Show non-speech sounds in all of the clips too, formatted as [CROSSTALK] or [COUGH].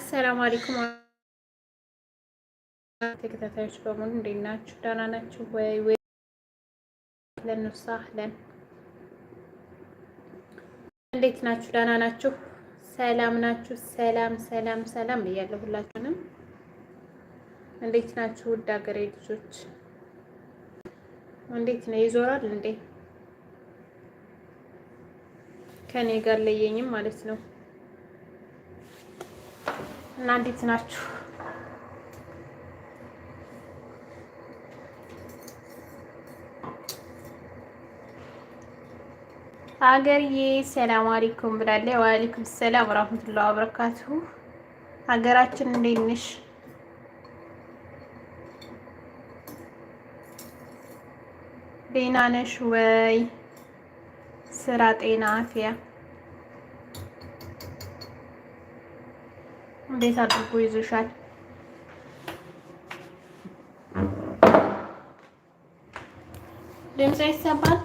አሰላሙ አለይኩም ተከታታዮች በሙሉ እንዴት ናችሁ? ደህና ናችሁ ወይ? ወይ ለነሳህለን እንዴት ናችሁ? ደህና ናችሁ? ሰላም ናችሁ? ሰላም ሰላም ሰላም ብያለሁ ሁላችሁንም። እንዴት ናችሁ? ውድ ሀገሬ ልጆች እንዴት ነው? ይዞራል እንዴ? ከኔ ጋር ለየኝም ማለት ነው እና እንዴት ናችሁ? ሀገርዬ ሰላም አለይኩም ብላለች። ወአለይኩም ሰላም ወራህመቱላሂ ወበረካቱሁ። ሀገራችን እንዴት ነሽ? ደህና ነሽ ወይ? ስራ፣ ጤና፣ አፍያ እንዴት አድርጎ ይዞሻል? ድምፅ ይሰማል?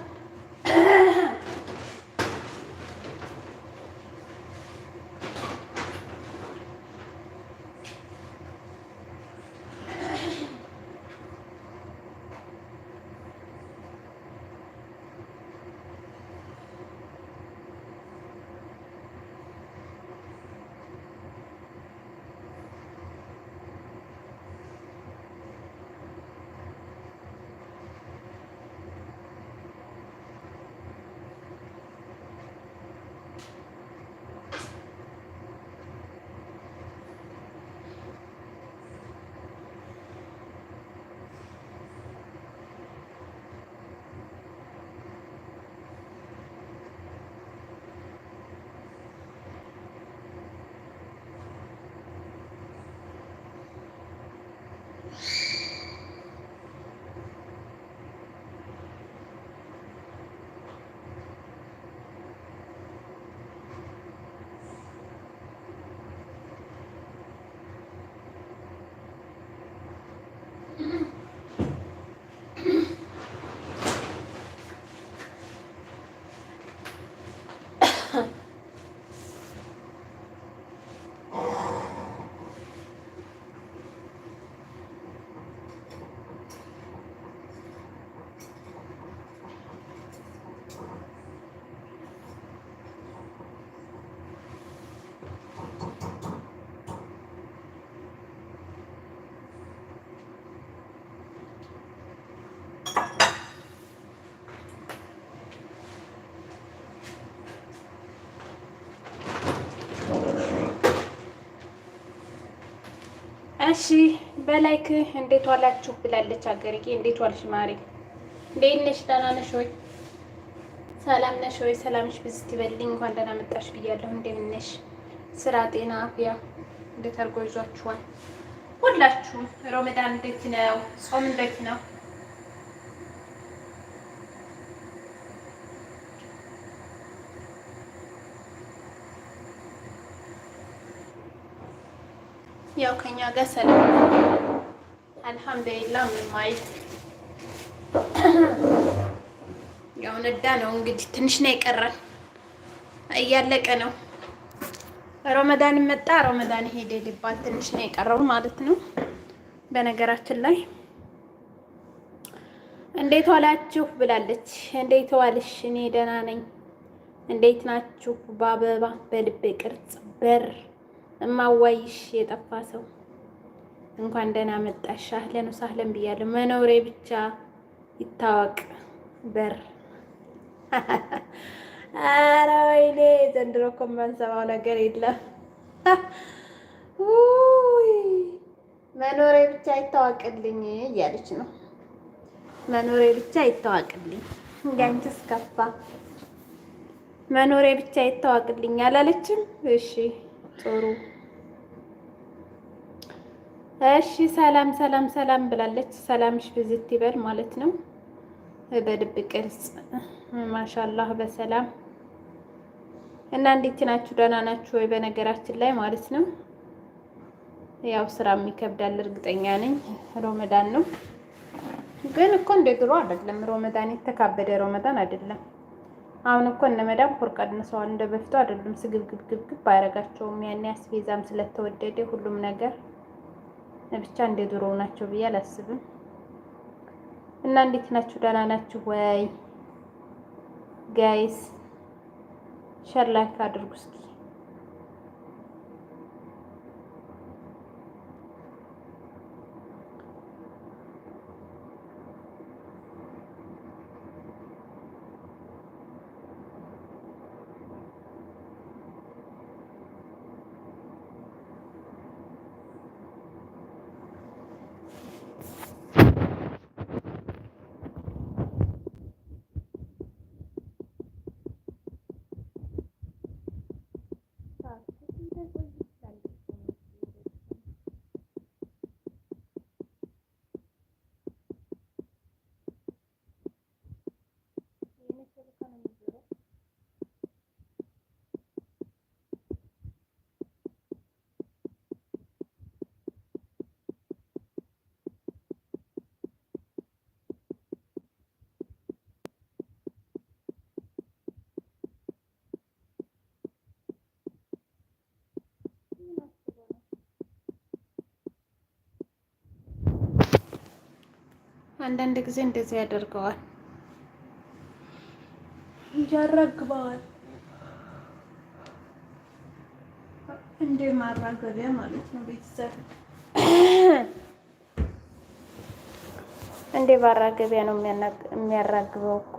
Ха. [LAUGHS] እሺ በላይክ እንዴት ዋላችሁ ብላለች። አገሬ እንዴት ዋልሽ ማሪ? እንዴት ነሽ? ደህና ነሽ ወይ? ሰላም ነሽ ወይ? ሰላምሽ ብዙ ትበልኝ። እንኳን ደህና መጣሽ ብያለሁ። እንዴት ነሽ? ስራ፣ ጤና፣ አፍያ እንዴት አድርጎ ይዟችኋል? ሁላችሁም ረመዳን እንዴት ነው? ጾም እንዴት ነው? ያው ከኛ ጋር ሰላም አልሐምዱሊላህ። ምን አይልም። ያው ነዳ ነው እንግዲህ ትንሽ ነው የቀረን፣ እያለቀ ነው። ረመዳን መጣ፣ ረመዳን ሄደ ሊባል ትንሽ ነው የቀረው ማለት ነው። በነገራችን ላይ እንዴት ዋላችሁ ብላለች። እንዴት ዋልሽ? እኔ ደህና ነኝ። እንዴት ናችሁ? በአበባ በልቤ ቅርጽ በር እማዋይሽ የጠፋ ሰው እንኳን ደህና መጣሽ። አህለን ወሳህለን ብያለሁ። መኖሬ ብቻ ይታወቅ በር። [LAUGHS] ኧረ ወይኔ ዘንድሮ እኮ የማንሰማው ነገር የለም። [LAUGHS] መኖሬ ብቻ ይታወቅልኝ እያለች ነው። መኖሬ ብቻ ይታወቅልኝ። እንዳንቺስ ከፋ። መኖሬ ብቻ ይታወቅልኝ አላለችም? እሺ ጥሩ እሺ ሰላም ሰላም ሰላም ብላለች። ሰላምሽ ብዝት ይበል ማለት ነው። በልብ ቅርጽ ማሻላህ በሰላም እና እንዴት ናችሁ? ደህና ናችሁ ወይ? በነገራችን ላይ ማለት ነው ያው ስራ የሚከብዳል እርግጠኛ ነኝ። ሮመዳን ነው ግን እኮ እንደ ድሮ አይደለም። ሮመዳን የተካበደ ሮመዳን አይደለም። አሁን እኮ እነ መዳም ሆድ ቀንሰዋል። እንደ በፊቱ አይደለም ስግብግብግብግብ አያረጋቸውም። ያኔ አስቤዛም ስለተወደደ ሁሉም ነገር ብቻ እንደ ድሮው ናቸው ብዬ አላስብም። እና እንዴት ናችሁ? ደህና ናችሁ ወይ ጋይስ? ሸር ላይክ አድርጉ እስኪ። this was አንዳንድ ጊዜ እንደዚህ ያደርገዋል፣ ያራግበዋል። እንዴ ማራገቢያ ማለት ነው ቤተሰብ እንዴ ባራገቢያ ነው የሚያራግበው እኮ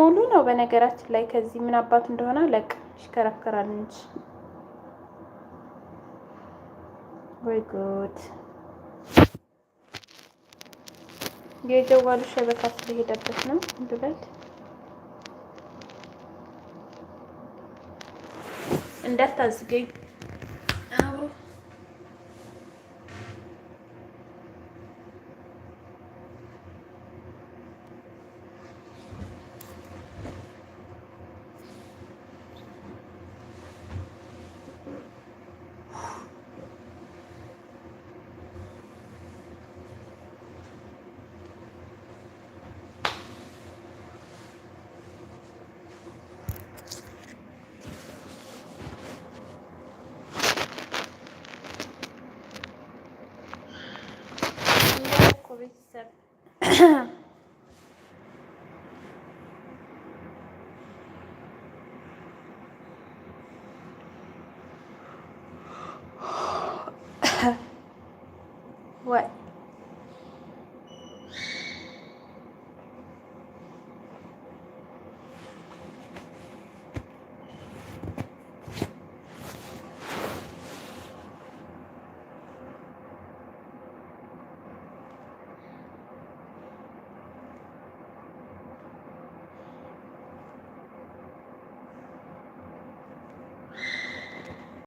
ሙሉ ነው። በነገራችን ላይ ከዚህ ምን አባት እንደሆነ ለቅ ይሽከረከራል እንጂ ወይ ጉድ የጀዋሉ ሸበካ ስለሄደበት ነው እንድበል እንዳታዝገኝ Covid set.